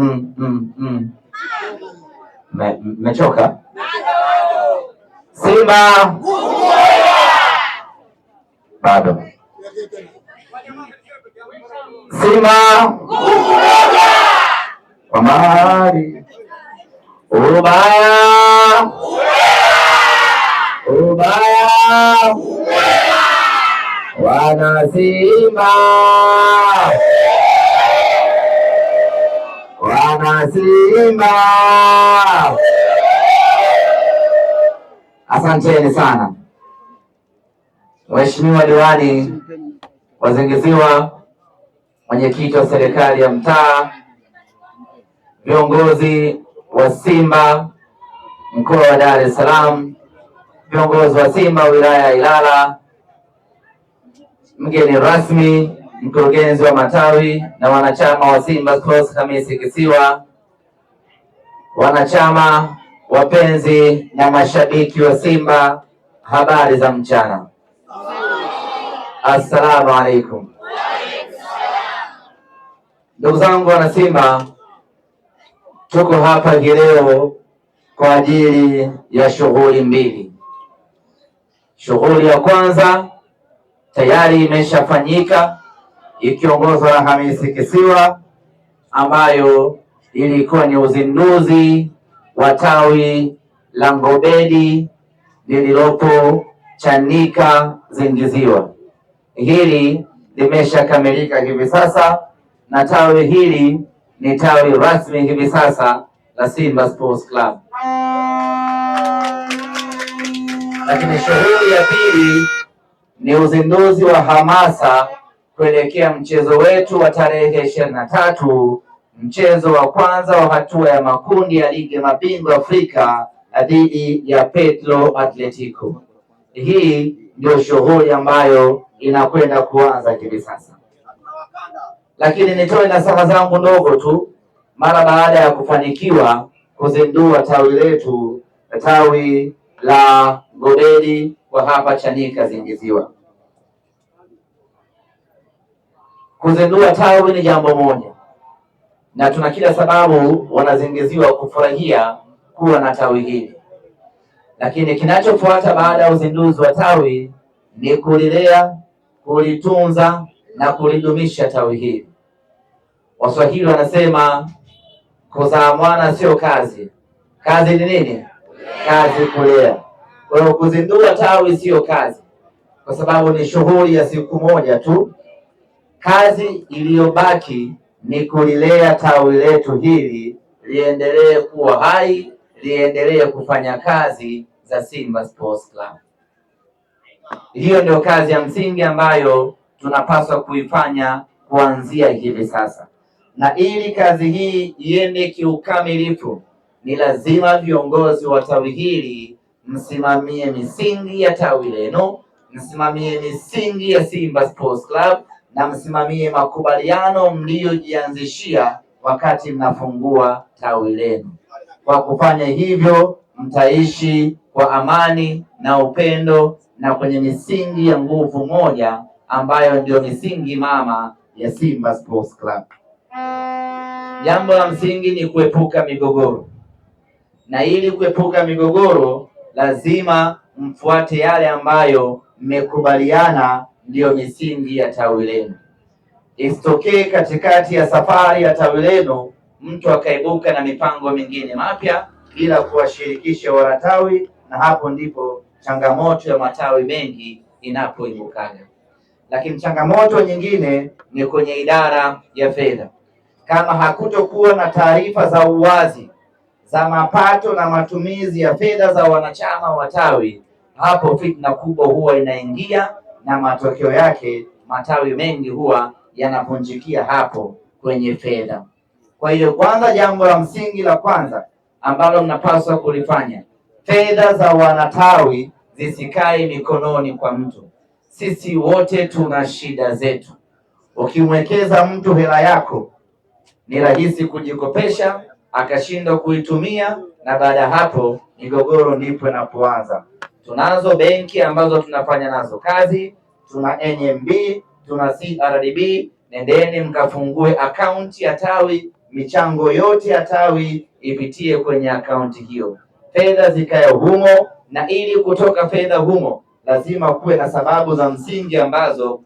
Mmechoka? Mm, mm, mm. Simba bado, Simba kwa mahali ubaya, ubaya, wana Simba mazima. Asanteni sana Mheshimiwa diwani wazingiziwa mwenyekiti wa serikali ya mtaa, viongozi wa Simba mkoa wa Dar es Salaam, viongozi wa Simba wilaya ya Ilala, mgeni rasmi mkurugenzi wa matawi na wanachama wa Simba Sports Khamisi Kisiwa, wanachama, wapenzi na mashabiki wa Simba, habari za mchana, assalamu alaikum. Ndugu zangu wanasimba, tuko hapa leo kwa ajili ya shughuli mbili. Shughuli ya kwanza tayari imeshafanyika ikiongozwa na Hamisi Kisiwa, ambayo ilikuwa ni uzinduzi wa tawi la Ngobedi lililopo Chanika Zingiziwa. Hili limeshakamilika hivi sasa na tawi hili ni tawi rasmi hivi sasa la Simba Sports Club. Lakini shughuli ya pili ni uzinduzi wa hamasa kuelekea mchezo wetu wa tarehe ishirini na tatu mchezo wa kwanza wa hatua ya makundi ya ligi ya mabingwa Afrika dhidi ya Petro Atletico. Hii ndio shughuli ambayo inakwenda kuanza hivi sasa, lakini nitoe nasaha zangu ndogo tu mara baada ya kufanikiwa kuzindua tawi letu, tawi la Godedi kwa hapa Chanika Zingiziwa Kuzindua tawi ni jambo moja, na tuna kila sababu wanazingiziwa kufurahia kuwa na tawi hili, lakini kinachofuata baada ya uzinduzi wa tawi ni kulilea, kulitunza na kulidumisha tawi hili. Waswahili wanasema kuzaa mwana sio kazi, kazi ni nini? Kazi kulea. Kwa hiyo kuzindua tawi siyo kazi, kwa sababu ni shughuli ya siku moja tu Kazi iliyobaki ni kulilea tawi letu hili liendelee kuwa hai, liendelee kufanya kazi za Simba Sports Club. Hiyo ndio kazi ya msingi ambayo tunapaswa kuifanya kuanzia hivi sasa, na ili kazi hii iende kiukamilifu, ni lazima viongozi wa tawi hili msimamie misingi ya tawi lenu, msimamie misingi ya Simba Sports Club na msimamie makubaliano mliyojianzishia wakati mnafungua tawi lenu. Kwa kufanya hivyo, mtaishi kwa amani na upendo na kwenye misingi ya nguvu moja ambayo ndiyo misingi mama ya Simba Sports Club. Jambo la msingi ni kuepuka migogoro, na ili kuepuka migogoro lazima mfuate yale ambayo mmekubaliana ndiyo misingi ya tawi lenu. Isitokee katikati ya safari ya tawi lenu mtu akaibuka na mipango mingine mapya bila kuwashirikisha wanatawi, na hapo ndipo changamoto ya matawi mengi inapoibukana. Lakini changamoto nyingine ni kwenye idara ya fedha. Kama hakutokuwa na taarifa za uwazi za mapato na matumizi ya fedha za wanachama wa tawi, hapo fitna kubwa huwa inaingia na matokeo yake matawi mengi huwa yanavunjikia hapo kwenye fedha. Kwa hiyo, kwanza, jambo la msingi la kwanza ambalo mnapaswa kulifanya, fedha za wanatawi zisikae mikononi kwa mtu. Sisi wote tuna shida zetu. Ukimwekeza mtu hela yako, ni rahisi kujikopesha akashindwa kuitumia, na baada ya hapo migogoro ndipo inapoanza. Tunazo benki ambazo tunafanya nazo kazi tuna NMB, tuna CRDB. Nendeni mkafungue akaunti ya tawi, michango yote ya tawi ipitie kwenye akaunti hiyo, fedha zikae humo, na ili kutoka fedha humo lazima kuwe na sababu za msingi ambazo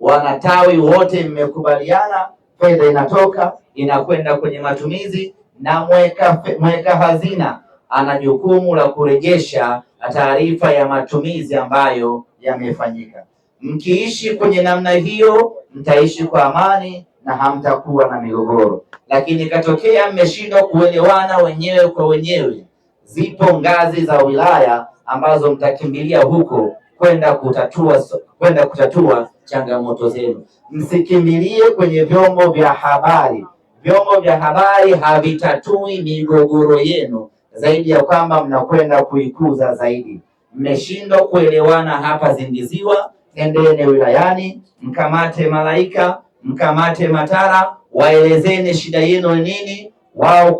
wanatawi wote mmekubaliana, fedha inatoka inakwenda kwenye matumizi, na mweka, mweka hazina ana jukumu la kurejesha taarifa ya matumizi ambayo yamefanyika. Mkiishi kwenye namna hiyo, mtaishi kwa amani na hamtakuwa na migogoro. Lakini katokea mmeshindwa kuelewana wenyewe kwa wenyewe, zipo ngazi za wilaya ambazo mtakimbilia huko kwenda kutatua, kwenda kutatua changamoto zenu. Msikimbilie kwenye vyombo vya habari. Vyombo vya habari havitatui migogoro yenu zaidi ya kwamba mnakwenda kuikuza zaidi mmeshindwa kuelewana hapa Zingiziwa, endene wilayani mkamate Malaika, mkamate Matara, waelezeni shida yenu nini. Wao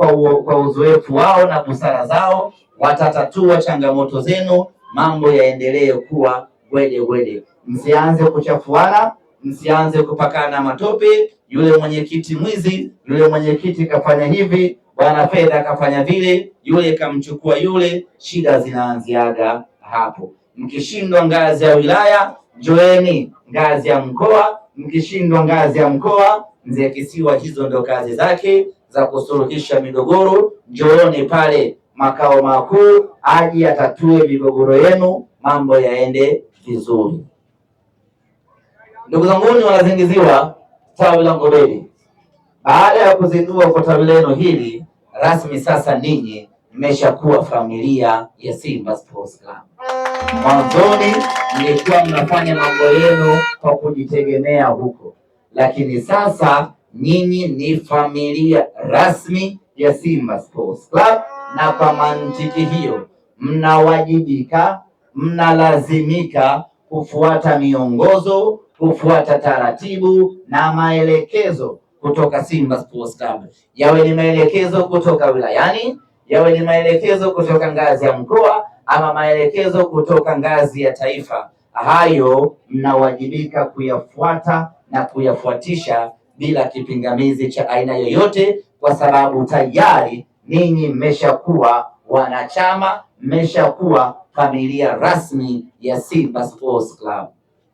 kwa uzoefu wao na busara zao watatatua changamoto zenu, mambo yaendelee kuwa gwedegwede. Msianze kuchafuana, msianze kupakana matope, yule mwenyekiti mwizi, yule mwenyekiti kafanya hivi, bwana fedha kafanya vile, yule kamchukua yule. Shida zinaanziaga hapo. Mkishindwa ngazi ya wilaya, joeni ngazi ya mkoa. Mkishindwa ngazi ya mkoa, mzee kisiwa, hizo ndo kazi zake za kusuluhisha migogoro. Jooni pale makao makuu, aje atatue migogoro yenu, mambo yaende vizuri. Ndugu zanguni wanazingiziwa, tawi la ngobeli baada ya kuzindua kwa tawi lenu hili rasmi, sasa ninyi Mmeshakuwa familia ya Simba Sports Club. Mwanzoni mlikuwa mnafanya mambo yenu kwa kujitegemea huko, lakini sasa nyinyi ni familia rasmi ya Simba Sports Club, na kwa mantiki hiyo mnawajibika, mnalazimika kufuata miongozo, kufuata taratibu na maelekezo kutoka Simba Sports Club, yawe ni maelekezo kutoka wilayani ya wenye maelekezo kutoka ngazi ya mkoa ama maelekezo kutoka ngazi ya taifa, hayo mnawajibika kuyafuata na kuyafuatisha bila kipingamizi cha aina yoyote, kwa sababu tayari ninyi mmeshakuwa wanachama, mmeshakuwa familia rasmi ya Simba Sports Club.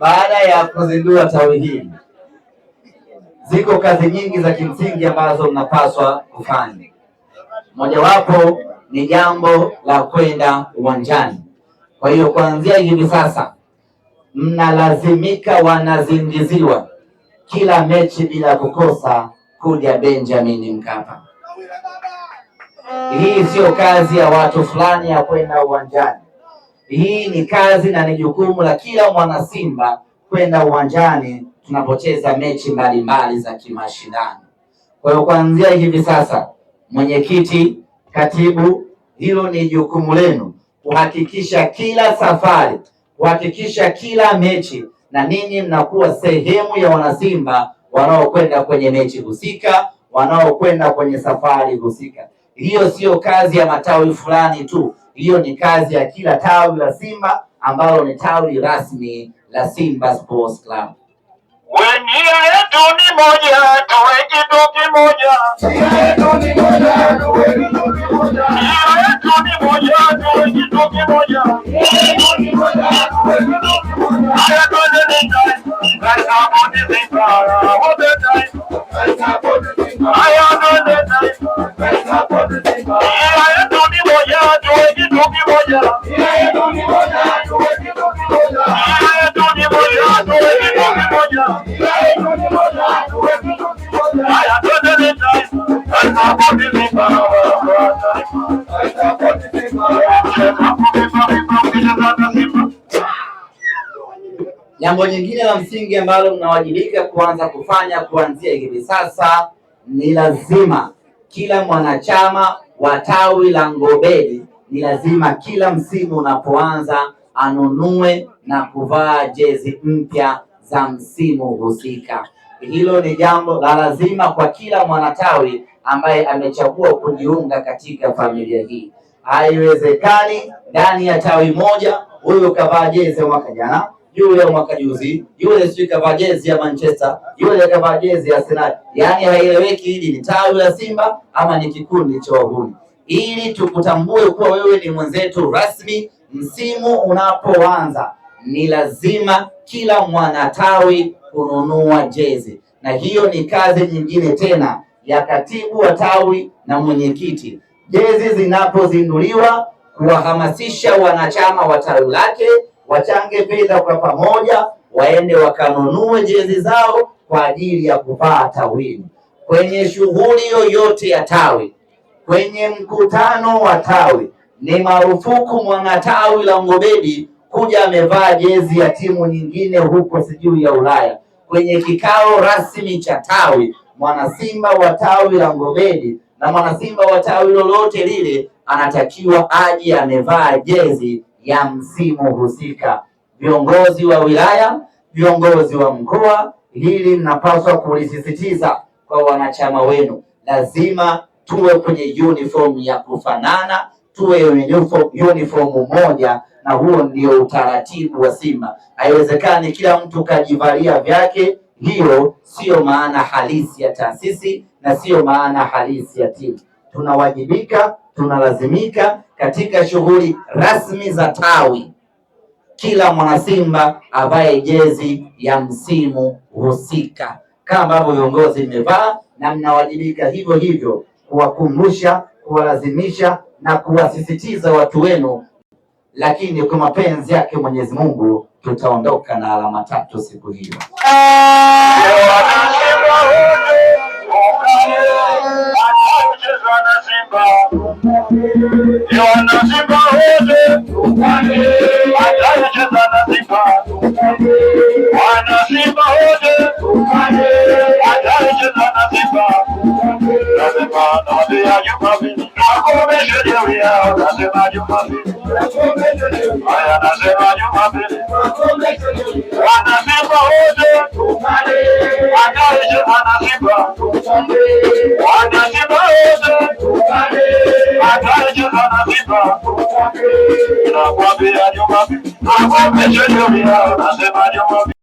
Baada ya kuzindua tawi hili, ziko kazi nyingi za kimsingi ambazo mnapaswa kufanya. Mojawapo ni jambo la kwenda uwanjani. Kwa hiyo kuanzia hivi sasa mnalazimika, wanazingiziwa kila mechi bila kukosa kuja Benjamin Mkapa. Hii siyo kazi ya watu fulani ya kwenda uwanjani. Hii ni kazi na ni jukumu la kila mwana Simba kwenda uwanjani tunapocheza mechi mbalimbali za kimashindano. Kwa hiyo kuanzia hivi sasa, mwenyekiti, katibu, hilo ni jukumu lenu kuhakikisha kila safari, kuhakikisha kila mechi, na ninyi mnakuwa sehemu ya wanasimba wanaokwenda kwenye mechi husika, wanaokwenda kwenye safari husika. Hiyo siyo kazi ya matawi fulani tu, hiyo ni kazi ya kila tawi la Simba ambalo ni tawi rasmi la Simba Sports Club. Wenye yetu ni moja, tawe tu kimoja Jambo nyingine la msingi ambalo mnawajibika kuanza kufanya kuanzia hivi sasa, ni lazima kila mwanachama wa tawi la Ngobedi, ni lazima kila msimu unapoanza anunue na kuvaa jezi mpya za msimu husika. Hilo ni jambo la lazima kwa kila mwanatawi ambaye amechagua kujiunga katika familia hii. Haiwezekani ndani ya tawi moja huyu ukavaa jezi ya mwaka jana, yule ya mwaka juzi, yule sijui kavaa jezi ya Manchester, yule kavaa jezi ya Arsenal. Yaani haieleweki, hili ni tawi la Simba ama ni kikundi cha wahuni? Ili tukutambue kuwa wewe ni mwenzetu rasmi, msimu unapoanza ni lazima kila mwanatawi kununua jezi, na hiyo ni kazi nyingine tena ya katibu wa tawi na mwenyekiti, jezi zinapozinduliwa kuwahamasisha wanachama wa tawi lake wachange fedha kwa pamoja, waende wakanunue jezi zao kwa ajili ya kuvaa tawini. Kwenye shughuli yoyote ya tawi, kwenye mkutano wa tawi, ni marufuku mwanatawi la Ngobedi kuja amevaa jezi ya timu nyingine huko sijui ya Ulaya kwenye kikao rasmi cha tawi, mwanasimba wa tawi la ngobedi na mwanasimba wa tawi lolote lile anatakiwa aje amevaa jezi ya msimu husika. Viongozi wa wilaya, viongozi wa mkoa, hili mnapaswa kulisisitiza kwa wanachama wenu. Lazima tuwe kwenye uniform ya kufanana, tuwe uniform, uniform moja na huo ndio utaratibu wa Simba. Haiwezekani kila mtu kajivalia vyake. Hiyo siyo maana halisi ya taasisi na siyo maana halisi ya timu. Tunawajibika, tunalazimika katika shughuli rasmi za tawi, kila mwanasimba avae jezi ya msimu husika kama ambavyo viongozi mmevaa, na mnawajibika hivyo hivyo kuwakumbusha, kuwalazimisha na kuwasisitiza watu wenu lakini kwa mapenzi yake Mwenyezi Mungu tutaondoka na alama tatu siku hiyo wanasema nyuma mbele, wanasema wote, Adalija anasema, wanasema wote, Adalija anasema, nakwambia nyuma mbele, nakwambia nyuma mbele, anasema nyuma mbele